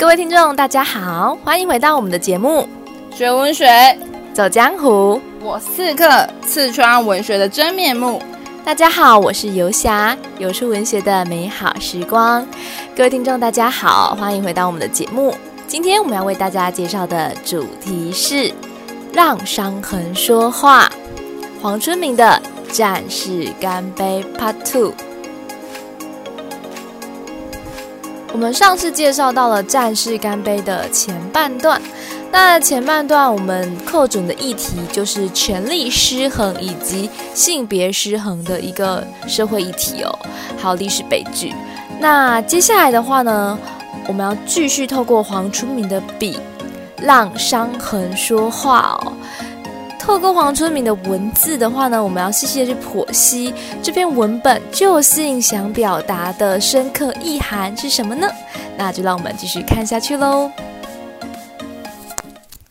各位聽眾，大家好，歡迎回到我們的節目《學文學走江湖》。我刺客刺穿文學的真面目。大家好，我是遊俠游出文學的美好時光。各位聽眾，大家好，歡迎回到我們的節目。今天我們要為大家介紹的主題是《讓傷痕說話》——黃春明的《戰士乾杯》Part Two。我們上次介紹到了《戰士乾杯》的前半段，那前半段我們扣準的議題就是權力失衡以及性別失衡的一個社會議題哦，還有歷史悲劇。那接下來的話呢，我們要繼續透過黃春明的筆，讓傷痕說話哦。透過黃春明的文字的話呢，我們要細細的去剖析這篇文本，究竟想表達的深刻意涵是什麼呢？那就讓我們繼續看下去嘍。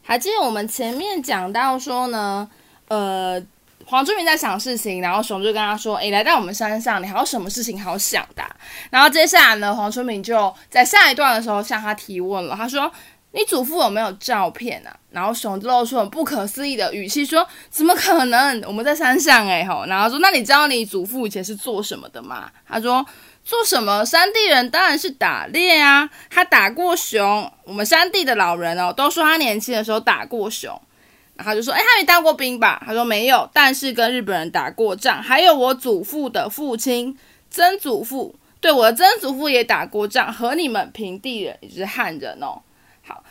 還記得我們前面講到說呢，呃，黃春明在想事情，然後熊就跟他說：“誒、欸，來到我們山上，你還有什麼事情好想的、啊？”然後接下來呢，黃春明就在下一段的時候向他提問了，他說。你祖父有沒有照片啊？然後熊就露出很不可思議的語氣說，怎麼可能？我們在山上哎、欸、吼。然後說，那你知道你祖父以前是做什麼的嗎？他說做什麼？山地人當然是打獵啊。他打過熊。我們山地的老人哦，都說他年輕的時候打過熊。然後他就說，哎、欸，他沒當過兵吧？他說沒有，但是跟日本人打過仗。還有我祖父的父親、曾祖父，對，我的曾祖父也打過仗，和你們平地人，也就是漢人哦。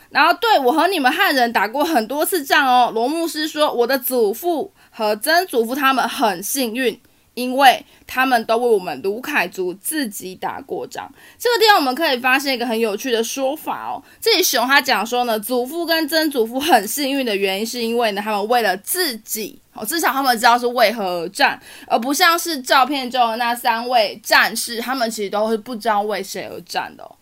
然後對，對我和你們漢人打過很多次仗哦。羅牧師說，我的祖父和曾祖父他們很幸運，因為他們都為我們魯凱族自己打過仗。這個地方我們可以發現一個很有趣的說法哦。這裡熊他講說呢，祖父跟曾祖父很幸運的原因，是因為呢他們為了自己，哦，至少他們知道是為何而戰，而不像是照片中的那三位戰士，他們其實都是不知道為誰而戰的，哦。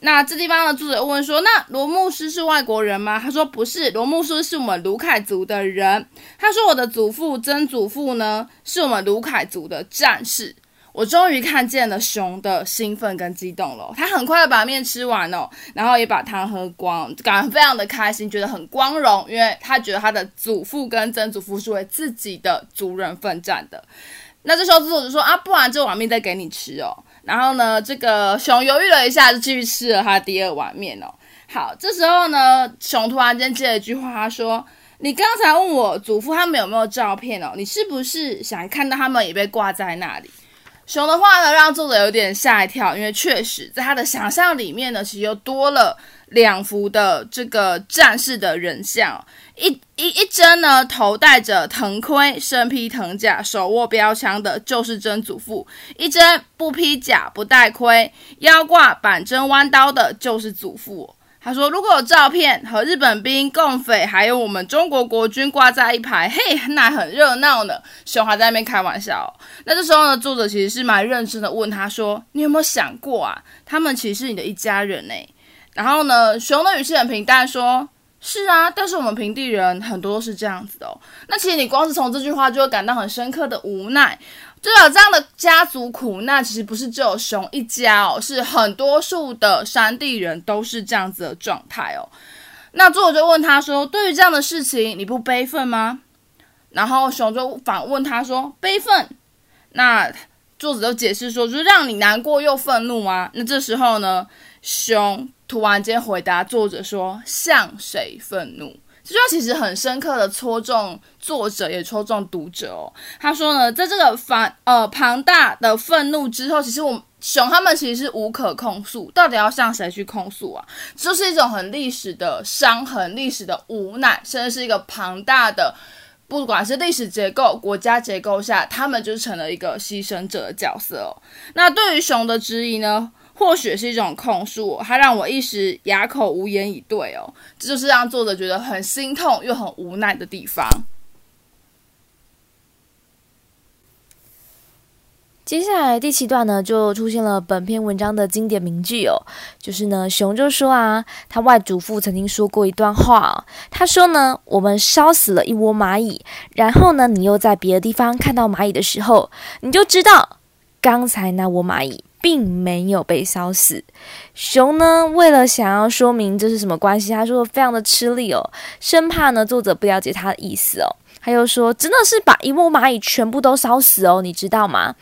那這地方的作者問說：“那羅牧師是外國人嗎？”他說：“不是，羅牧師是我們魯凱族的人。”他說：“我的祖父、曾祖父呢，是我們魯凱族的戰士。”我終於看見了熊的興奮跟激動了。他很快的把麵吃完哦，然後也把湯喝光，感覺非常的開心，覺得很光榮，因為他覺得他的祖父跟曾祖父是為自己的族人奮戰的。那這時候作者就說：“啊，不然這碗麵再給你吃哦。”然後呢，這個熊猶豫了一下，就繼續吃了他第二碗麵哦。好，這時候呢，熊突然間接了一句話，他說：“你剛才問我祖父他們有沒有照片哦，你是不是想看到他們也被掛在那裡？”熊的話呢，讓作者有點嚇一跳，因為確實在他的想象裡面呢，其實又多了兩幅的這個戰士的人像。一一一幀呢，頭戴着藤盔，身披藤甲，手握標槍的就是曾祖父；一幀，不披甲，不戴盔，腰掛板針彎刀的就是祖父。他說：“如果有照片和日本兵、共匪，還有我們中國國軍掛在一排，嘿，那很熱鬧呢。”熊還在那邊開玩笑、哦。那這時候呢，作者其實是蠻認真的問他說：“你有沒有想過啊，他們其實是你的一家人呢、欸？”然後呢，熊的語氣很平淡說。是啊，但是我們平地人很多都是這樣子的哦。那其實你光是從這句話就會感到很深刻的無奈，至少這樣的家族苦難，那其實不是只有熊一家哦，是很多數的山地人都是這樣子的狀態哦。那作者就問他說：“對於這樣的事情，你不悲憤嗎？”然後熊就反問他說：“悲憤？”那作者就解釋說：“就是讓你難過又憤怒嗎？啊？”那這時候呢，熊。突然間回答作者說：“向誰憤怒？”這句話其實很深刻的戳中作者，也戳中讀者哦。他說呢，在這個龐呃龐大的憤怒之後，其實我們熊他們其實是無可控訴，到底要向誰去控訴啊？這是一種很歷史的傷痕，歷史的無奈，甚至是一個龐大的，不管是歷史結構、國家結構下，他們就成了一個犧牲者的角色哦。那對於熊的質疑呢，或許是一種控訴，它讓我一時啞口無言以對哦，這就是讓作者覺得很心痛又很無奈的地方。接下來第七段呢，就出現了本篇文章的經典名句哦，就是呢，熊就說啊，他外祖父曾經說過一段話哦，他說呢，我們燒死了一窩螞蟻，然後呢，你又在別的地方看到螞蟻的時候，你就知道剛才那窩螞蟻。並沒有被燒死。熊呢，為了想要說明這是什麼關係，他說非常的吃力哦，生怕呢作者不了解他的意思哦，他又說真的是把一窩螞蟻全部都燒死哦，你知道嗎？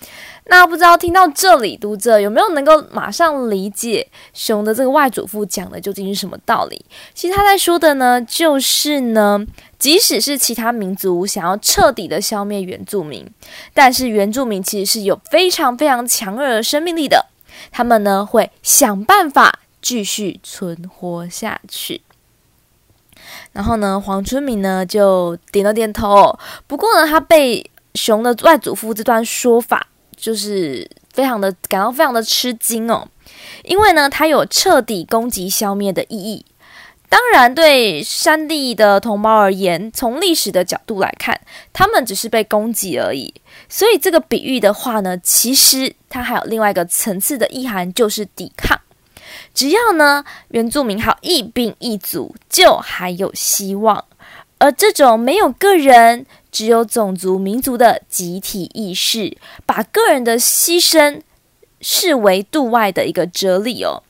那不知道聽到這裡，讀者有沒有能夠馬上理解熊的這個外祖父講的究竟是什麼道理？其實他在說的呢，就是呢，即使是其他民族想要徹底的消滅原住民，但是原住民其實是有非常非常強韌的生命力的。他們呢，會想辦法繼續存活下去。然後呢，黃春明呢就點了點頭哦。不過呢，他被熊的外祖父這段說法，就是非常的感到非常的吃驚哦，因為呢，他有徹底攻擊消滅的意義。當然，對山地的同胞而言，從歷史的角度來看，他們只是被攻擊而已。所以這個比喻的話呢，其實它還有另外一個層次的意涵，就是抵抗。只要呢原住民還有一兵一卒，就還有希望。而這種沒有個人，只有種族民族的集體意識，把個人的犧牲視為度外的一個哲理哦。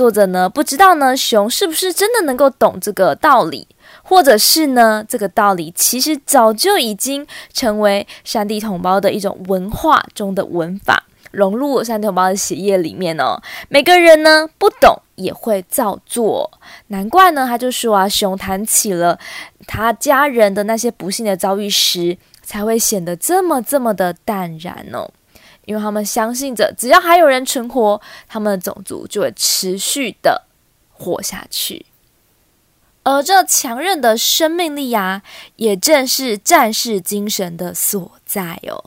作者呢不知道呢，熊是不是真的能夠懂這個道理，或者是呢，這個道理其實早就已經成為山地同胞的一種文化中的文法，融入山地同胞的血液裡面哦。每個人呢不懂也會照做哦。難怪呢，他就說啊，熊談起了他家人的那些不幸的遭遇時，才會顯得這麼這麼的淡然哦。因為他們相信着，只要還有人存活，他們的種族就會持續的活下去。而這強韌的生命力呀、啊，也正是戰士精神的所在哦。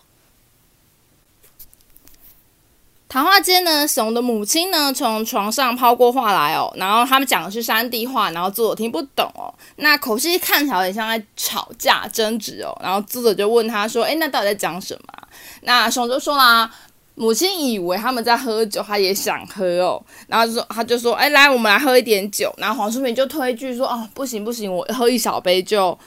談話間呢，熊的母親呢，從床上拋過話來哦，然後他們講的是山地話，然後作者聽不懂哦。那口氣看起來好像在吵架爭執哦，然後作者就問他說：“哎，那到底在講什麼、啊？”那熊就說啦、啊，母親以為他們在喝酒，他也想喝哦，然後就說，他就說，哎、欸，來，我們來喝一點酒。然後黃春明就推一句說，哦，不行不行，我喝一小杯就，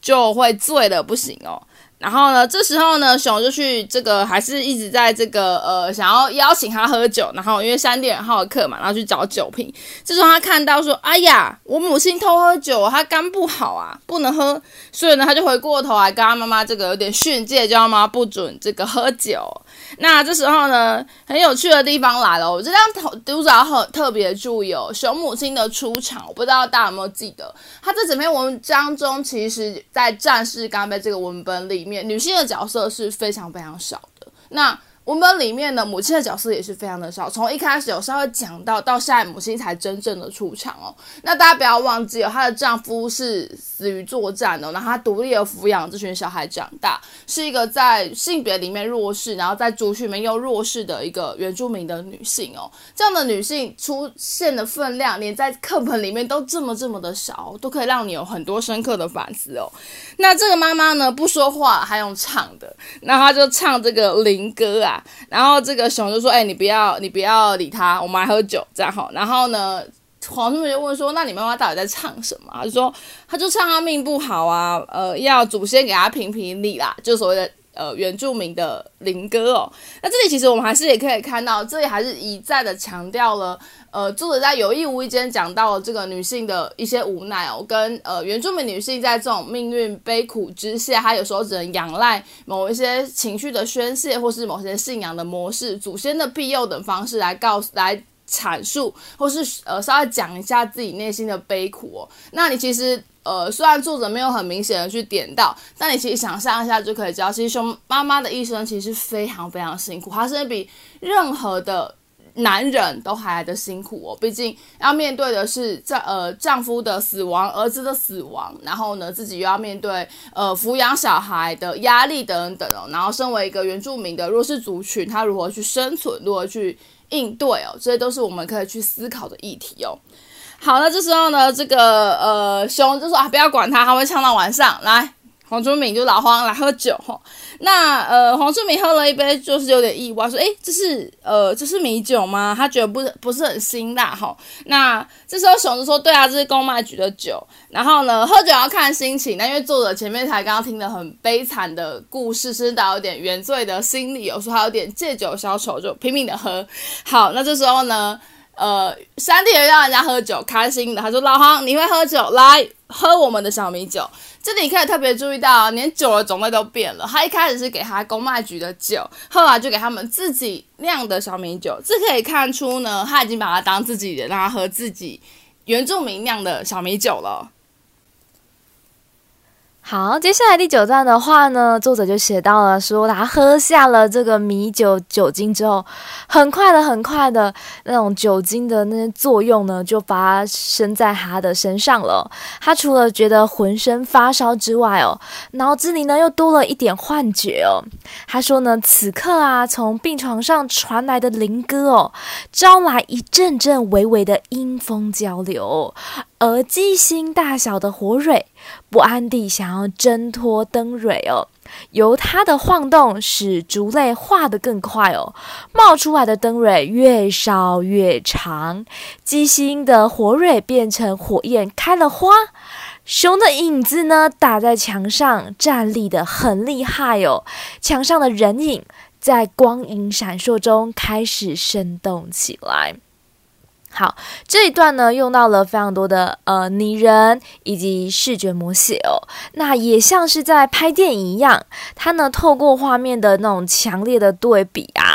就會醉了，不行哦。然後呢，這時候呢，熊就去這個還是一直在這個呃，想要邀請他喝酒。然後因為山地很好客嘛，然後去找酒瓶。這時候他看到說：“哎呀，我母親偷喝酒，他肝不好啊，不能喝。”所以呢，他就回過頭來跟他媽媽這個有點訓誡，叫媽媽不准這個喝酒。那這時候呢，很有趣的地方來了。我這張圖讀者很特別注意有、哦、熊母親的出場，我不知道大家有沒有記得。她這整篇文章中，其實，在《戰士，乾杯》這個文本裡。女性的角色是非常非常少的。那。文本裡面呢，母親的角色也是非常的少，從一開始有稍微講到，到現在母親才真正的出場哦。那大家不要忘記，哦，她的丈夫是死於作戰哦，然後她獨立的撫養的這群小孩長大，是一個在性別裡面弱勢，然後在族群裡面又弱勢的一個原住民的女性哦。這樣的女性出現的分量，連在課本裡面都這麼這麼的少，哦，都可以讓你有很多深刻的反思哦。那這個媽媽呢，不說話，還用唱的，那她就唱這個靈歌啊。然後這個熊就說：“哎、欸，你不要，你不要理他，我們還喝酒這樣吼、哦。然後呢，黃春明就問說：“那你媽媽到底在唱什麼？”他就說：“他就唱他命不好啊，呃，要祖先給他評評理啦，就所謂的呃原住民的民歌哦。”那這裡其實我們還是也可以看到，這裡還是一再的強調了。呃，作者在有意無意間講到了這個女性的一些無奈哦，跟呃原住民女性在這種命運悲苦之下，她有時候只能仰賴某一些情緒的宣洩，或是某些信仰的模式、祖先的庇佑等方式來告來闡述，或是呃稍微講一下自己內心的悲苦哦。那你其實呃雖然作者沒有很明顯的去點到，但你其實想象一下就可以知道，其實兄媽媽的一生其實是非常非常辛苦，她甚至比任何的。男人都還來得辛苦哦，畢竟要面對的是丈呃丈夫的死亡、兒子的死亡，然後呢自己又要面對呃撫養小孩的壓力等等哦。然後身為一個原住民的弱勢族群，他如何去生存、如何去應對哦？這些都是我們可以去思考的議題哦。好，那這時候呢，這個呃熊就說啊，不要管他，他會唱到晚上來。黃春明就老黃來喝酒吼，那呃黃春明喝了一杯，就是有點意外，說哎、欸，這是呃這是米酒嗎？他覺得不不是很辛辣吼。那這時候熊子說對啊，這是公賣局的酒。然後呢，喝酒要看心情，那因為作者前面才剛剛聽的很悲慘的故事，甚至有點原罪的心理，有時候他有點借酒消愁，就拼命的喝。好，那這時候呢？呃，山地人讓人家喝酒，開心的。他說：“老黃，你會喝酒，來喝我們的小米酒。”這裡可以特別注意到，連酒的種類都變了。他一開始是給他公賣局的酒，後來就給他們自己釀的小米酒。這可以看出呢，他已經把它當自己人，讓他喝自己原住民釀的小米酒了。好，接下來第九段的話呢，作者就寫到了，說他喝下了這個米酒酒精之後，很快的很快的，那種酒精的那些作用呢，就發生在他的身上了哦。他除了覺得渾身發燒之外哦，腦子裡呢又多了一點幻覺哦。他說呢，此刻啊，從病床上傳來的靈歌哦，招來一陣陣微微的陰風交流，而雞心大小的火蕊。不安地想要掙脫燈蕊哦，由它的晃動使燭淚化得更快哦，冒出來的燈蕊越燒越長，雞心的火蕊變成火焰開了花，熊的影子呢打在牆上，站立得很厲害哦，牆上的人影在光影閃爍中開始生動起來。好，這一段呢，用到了非常多的呃擬人以及視覺描寫哦，那也像是在拍電影一樣，它呢透過畫面的那種強烈的對比啊。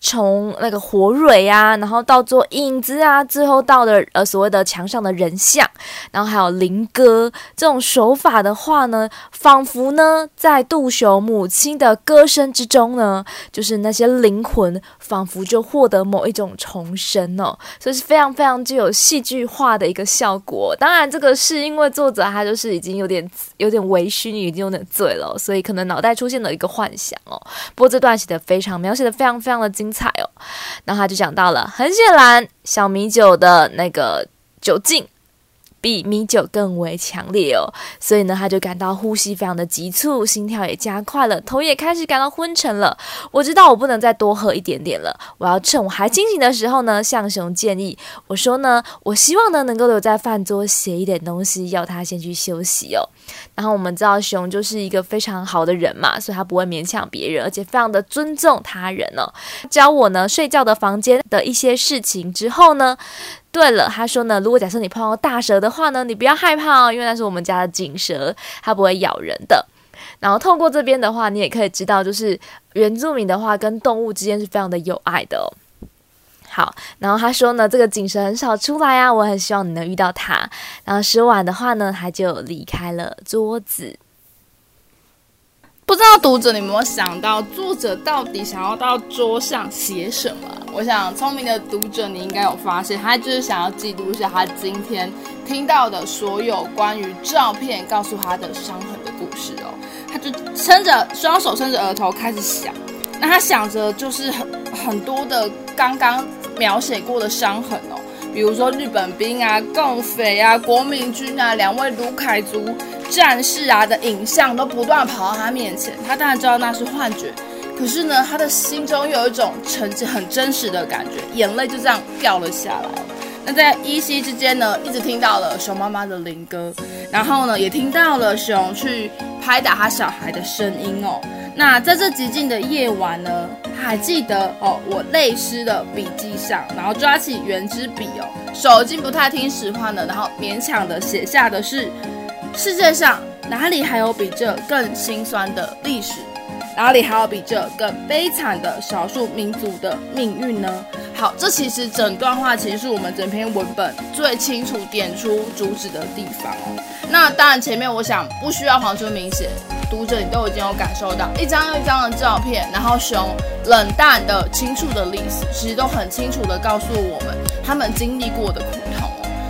從那個火蕊啊，然後到做影子啊，最後到的呃所謂的牆上的人像，然後還有靈歌這種手法的話呢，仿佛呢在杜雄母親的歌聲之中呢，就是那些靈魂仿佛就獲得某一種重生哦，所以是非常非常具有戲劇化的一個效果。當然，這個是因為作者他就是已經有點有點微醺，已經有點醉了哦，所以可能腦袋出現了一個幻想哦。不過這段寫的非常描寫的非常。非常的精彩哦，然後他就講到了，很顯然小米酒的那個酒勁。比米酒更為強烈哦，所以呢，他就感到呼吸非常的急促，心跳也加快了，頭也開始感到昏沉了。我知道我不能再多喝一點點了，我要趁我還清醒的時候呢，向熊建議，我說呢，我希望呢能夠留在飯桌寫一點東西，要他先去休息哦。然後我們知道熊就是一個非常好的人嘛，所以他不會勉強別人，而且非常的尊重他人哦。教我呢睡覺的房間的一些事情之後呢。對了，他說呢，如果假設你碰到大蛇的話呢，你不要害怕哦，因為那是我們家的錦蛇，它不會咬人的。然後透過這邊的話，你也可以知道，就是原住民的話跟動物之間是非常的友愛的哦。好，然後他說呢，這個錦蛇很少出來啊，我很希望你能遇到它。然後吃完的話呢，他就離開了桌子。不知道讀者你有沒有想到，作者到底想要到桌上寫什麼？我想聰明的讀者你應該有發現，他就是想要記錄一下他今天聽到的所有關於照片告訴他的傷痕的故事哦。他就撐着雙手，撐着額頭開始想。那他想着就是很很多的剛剛描寫過的傷痕哦，比如說日本兵啊、共匪啊、國民軍啊、兩位魯凱族戰士啊的影像都不斷跑到他面前，他當然知道那是幻覺，可是呢，他的心中又有一種很真實的感覺，眼淚就這樣掉了下來。那在依稀之間呢，一直聽到了熊媽媽的靈歌，然後呢，也聽到了熊去拍打他小孩的聲音哦、喔。那在這寂靜的夜晚呢，他還記得哦、喔，我淚濕的筆記上，然後抓起原子筆哦，手已經不太聽使喚了，然後勉強的寫下的是，世界上哪裡還有比這更辛酸的歷史？哪裡還有比這更悲慘的少數民族的命運呢？好，這其實整段話其實是我們整篇文本最清楚點出主旨的地方哦。那當然前面我想不需要黃春明寫，讀者你都已經有感受到，一張又一張的照片，然後使用冷淡的、清楚的歷史，其實都很清楚的告訴我們他們經歷過的苦。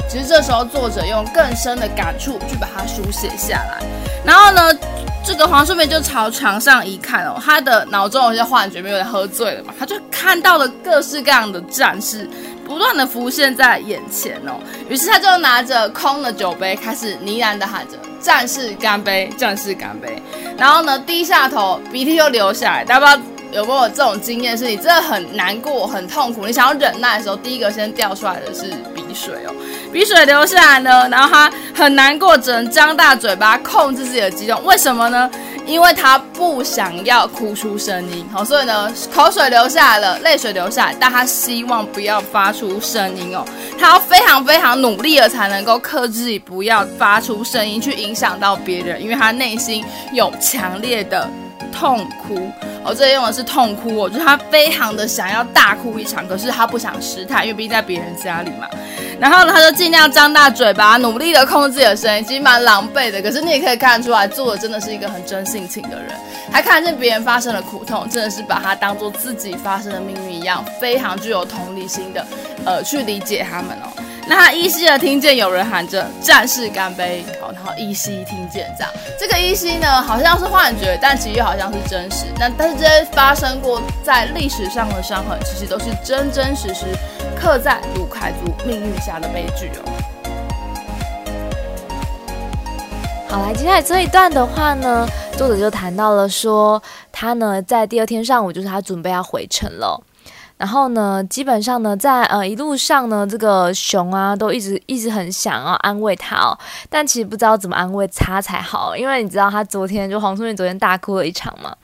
其實這時候，作者用更深的感觸去把它書寫下來。然後呢，這個黃春明就朝床上一看哦，他的腦中有些幻覺，沒有喝醉了嘛，他就看到了各式各樣的戰士不斷的浮現在眼前哦。於是他就拿着空的酒杯，開始呢喃地喊着：“戰士乾杯，戰士乾杯。”然後呢，低下頭，鼻涕又流下來。大家不知道有沒有這種經驗，是你真的很難過、很痛苦，你想要忍耐的時候，第一個先掉出來的是。水哦，鼻水流下來呢，然後他很難過，只能張大嘴巴控制自己的激動。為什麼呢？因為他不想要哭出聲音好，哦，所以呢，口水流下來了，淚水流下來，但他希望不要發出聲音哦，他要非常非常努力的才能夠克制自己不要發出聲音，去影響到別人，因為他內心有強烈的痛苦。我這裡用的是痛哭、哦，我覺得他非常的想要大哭一場，可是他不想失態，因為畢竟在別人家裡嘛。然後呢，他就盡量張大嘴巴，努力的控制自己的聲音，其實蠻狼狽的。可是你也可以看出來，作者真的是一個很真性情的人，他看見別人發生的苦痛，真的是把他當做自己發生的命運一樣，非常具有同理心的，呃，去理解他們哦。那他依稀的聽見有人喊着“戰士乾杯”，好，然後依稀聽見這樣，這個依稀呢好像是幻覺，但其實又好像是真實。那但是這些發生過在歷史上的傷痕，其實都是真真實實刻在魯凱族命運下的悲劇哦。好，來接下來這一段的話呢，作者就談到了說，他呢在第二天上午就是他準備要回城了。然後呢，基本上呢，在呃一路上呢，這個熊啊都一直一直很想要安慰他哦，但其實不知道怎麼安慰他才好，因為你知道他昨天就，黃春明昨天大哭了一場嘛，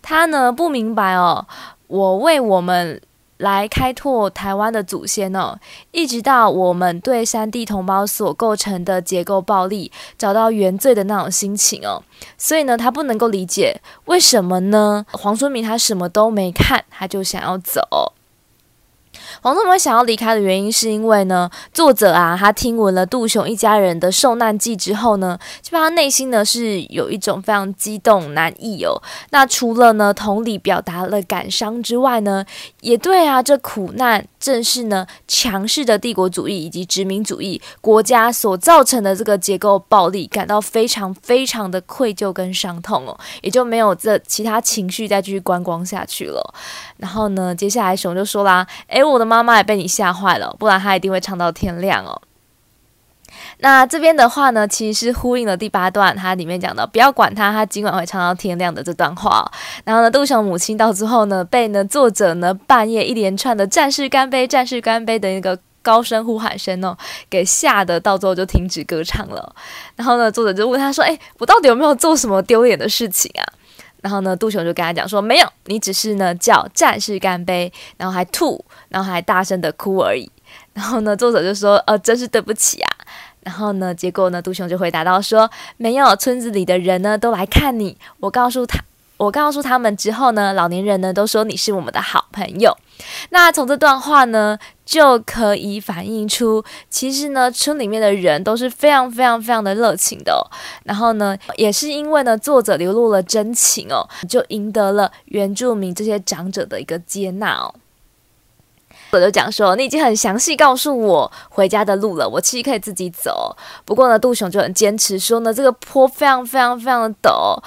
他呢不明白哦，我為我們。來開拓台灣的祖先哦，一直到我們對山地同胞所構成的結構暴力，找到原罪的那種心情哦，所以呢，他不能夠理解為什麼呢？黃春明他什麼都沒看，他就想要走。黃宗偉想要離開的原因是因為呢，作者啊，他聽聞了杜雄一家人的受難記之後呢，基本上內心呢是有一種非常激動難抑哦。那除了呢，同理表達了感傷之外呢，也對啊，這苦難正是呢，強勢的帝國主義以及殖民主義國家所造成的這個結構暴力，感到非常非常的愧疚跟傷痛哦，也就沒有這其他情緒再繼續觀光下去了。然後呢，接下來熊就說啦，哎我。我的媽媽也被你嚇壞了，不然她一定會唱到天亮哦。那這邊的話呢，其實是呼應了第八段，它裡面講的“不要管她，她今晚會唱到天亮”的這段話哦。然後呢，杜雄母親到之後呢，被呢作者呢半夜一連串的“戰士乾杯，戰士乾杯”的一個高聲呼喊聲哦，給嚇得到之後就停止歌唱了。然後呢，作者就問他說：“哎，我到底有沒有做什麼丟臉的事情啊？”然後呢，杜雄就跟他講說，沒有，你只是呢叫戰士乾杯，然後還吐，然後還大聲的哭而已。然後呢，作者就說，呃，真是對不起啊。然後呢，結果呢，杜雄就回答到說，沒有，村子裡的人呢都來看你，我告訴他，我告訴他們之後呢，老年人呢都說你是我們的好朋友。那從這段話呢，就可以反映出，其實呢，村裡面的人都是非常非常非常的熱情的哦。然後呢，也是因為呢，作者流露了真情哦，就贏得了原住民這些長者的一個接納哦。我就講說，你已經很詳細告訴我回家的路了，我其實可以自己走。不過呢，杜雄就很堅持說呢，這個坡非常非常非常的陡哦。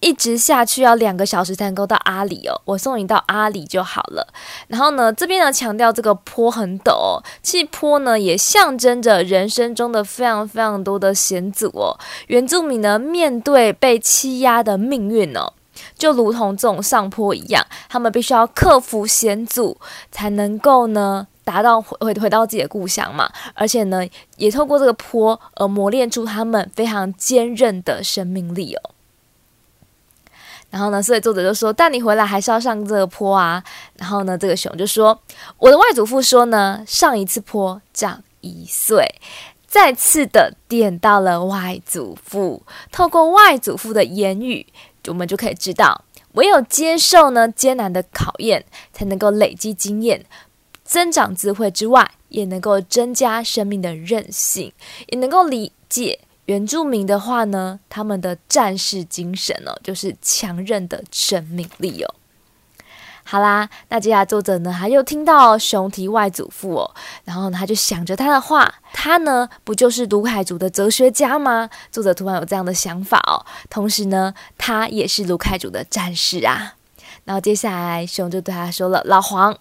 一直下去要兩個小時才能夠到阿里哦，我送你到阿里就好了。然後呢，這邊呢強調這個坡很陡哦，這坡呢也象徵着人生中的非常非常多的險阻哦。原住民呢面對被欺壓的命運哦，就如同這種上坡一樣，他們必須要克服險阻，才能夠呢達到回回到自己的故鄉嘛。而且呢，也透過這個坡而磨練出他們非常堅韌的生命力哦。然後呢，所以作者就說：“但你回來還是要上這個坡啊？”然後呢，這個熊就說：“我的外祖父說呢，上一次坡長一歲。”再次的點到了外祖父，透過外祖父的言語，我們就可以知道，唯有接受呢艱難的考驗，才能夠累積經驗，增長智慧之外，也能夠增加生命的韌性，也能夠理解。原住民的話呢，他們的戰士精神哦，就是強韌的生命力哦。好啦，那接下來作者呢，他又聽到熊提外祖父哦，然後呢他就想着他的話，他呢不就是魯凱族的哲學家嗎？作者突然有這樣的想法哦。同時呢，他也是魯凱族的戰士啊。然後接下來熊就對他說了：“老黃，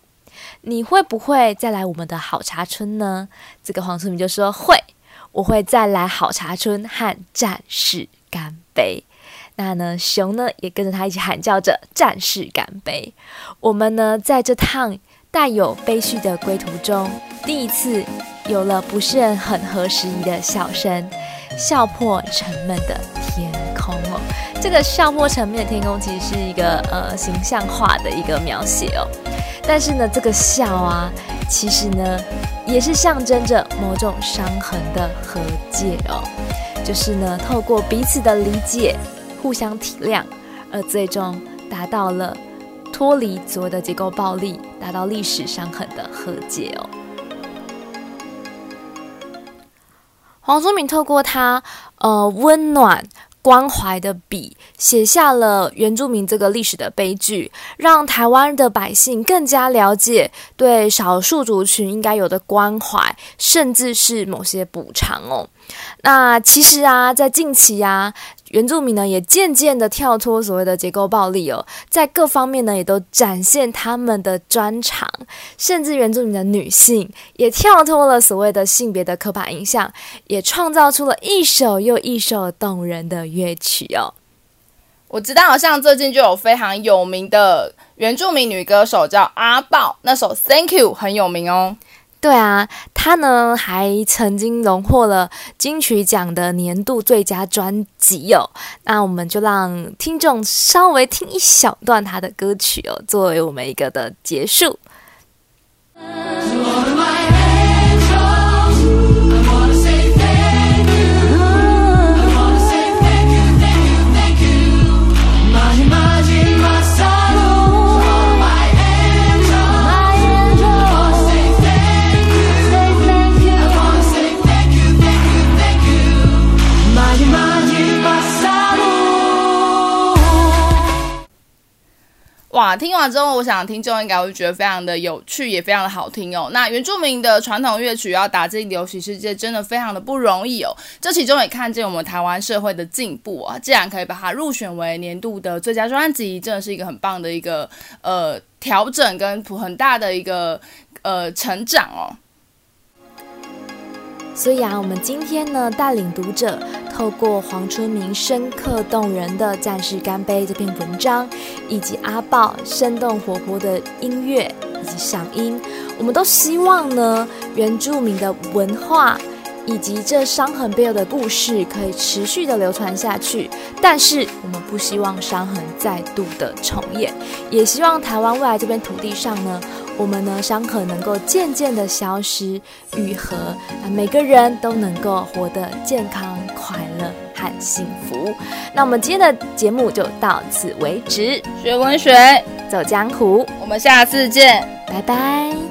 你會不會再來我們的好茶村呢？”這個黃春明就說：“會。”我會再來好茶村和戰士乾杯。那呢，熊呢也跟着他一起喊叫着“戰士乾杯”。我們呢在這趟帶有悲緒的歸途中，第一次有了不是很合時宜的笑聲，笑破沉悶的天空哦。這個笑破沉悶的天空其實是一個呃形象化的一個描寫哦。但是呢，這個笑啊，其實呢，也是象徵着某種傷痕的和解哦。就是呢，透過彼此的理解，互相體諒，而最終達到了脫離所有的結構暴力，達到歷史傷痕的和解哦。黃春明透過他，呃，溫暖。關懷的筆寫下了原住民這個歷史的悲劇，讓台灣的百姓更加了解對少數族群應該有的關懷，甚至是某些補償哦。那其實啊，在近期啊。原住民呢，也漸漸地跳脫所謂的結構暴力哦，在各方面呢，也都展現他們的專長，甚至原住民的女性也跳脫了所謂的性別的刻板印象，也創造出了一首又一首動人的樂曲哦。我知道，好像最近就有非常有名的原住民女歌手叫阿爆，那首《Thank You》很有名哦。對啊，他呢還曾經榮獲了金曲獎的年度最佳專輯哦。那我們就讓聽眾稍微聽一小段他的歌曲哦，作為我們一個的結束。聽完之後，我想聽眾應該會覺得非常的有趣，也非常的好聽哦。那原住民的傳統樂曲要打進流行世界，真的非常的不容易哦。這其中也看見我們台灣社會的進步啊、哦，竟然可以把它入選為年度的最佳專輯，真的是一個很棒的一個呃調整跟很大的一個呃成長哦。所以啊，我們今天呢，帶領讀者。透過黃春明深刻動人的《戰士，乾杯》這篇文章，以及阿豹生動活潑的音樂以及嗓音，我們都希望呢，原住民的文化以及這傷痕背後的故事可以持續的流傳下去。但是，我們不希望傷痕再度的重演，也希望台灣未來這片土地上呢。我們呢，傷口能夠漸漸的消失愈合，啊，每個人都能夠活得健康、快樂和幸福。那我們今天的節目就到此為止，學文學，走江湖，我們下次見，拜拜。